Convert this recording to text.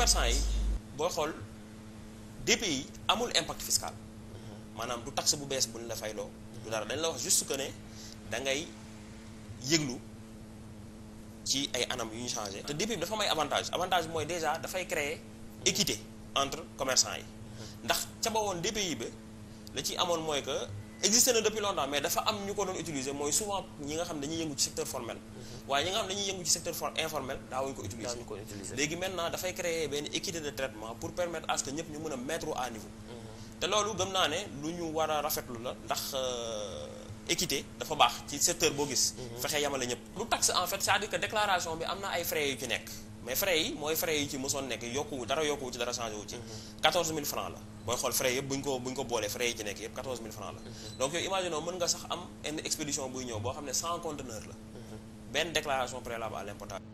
commerçant yi booy xool DPI yi amul impact fiscal maanaam du taxe bu bees bu ñu la fay loo du dara dañ la wax juste que ne da ngay yëglu ci ay anam yu ñu changé te DPI bi dafa may avantage avantage mooy déjà dafay créer équité entre commerçant yi ndax ca ba woon DPI ba la ci amoon mooy que existé na depuis longtemps mais dafa am ñu ko doon utiliser mooy souvent ñi nga xam dañuy yëngu ci secteur formel waaye ñi nga xam dañuy yëngu ci secteur informel daawuñu ko utiliser léegi maintenant dafay créer benn équité de traitement pour permettre à ce ñu mën a mettre à niveau mm-hmm. te loolu gëm naa ne lu ñu war a lu la ndax euh, équité dafa baax ci secteur boo gis mm-hmm. fexe yamale ñëpp lu tax en fait c'est-à-dire bi am na ay frais yu ci nekk mais frais yi mooy frais yi ci mosoon nekk yokkuwu dara yokkuwu ci dara changé wu ci 14000 mhm. francs la booy xool frais yëpp bu ñu ko bu ñu ko boolee frais yi ci nekk yëpp 14000 francs la mhm. donc yooyu imaginons mën nga sax am une expédition buy ñëw boo xam ne 100 conteneurs la mhm. benn déclaration préalable à l'importation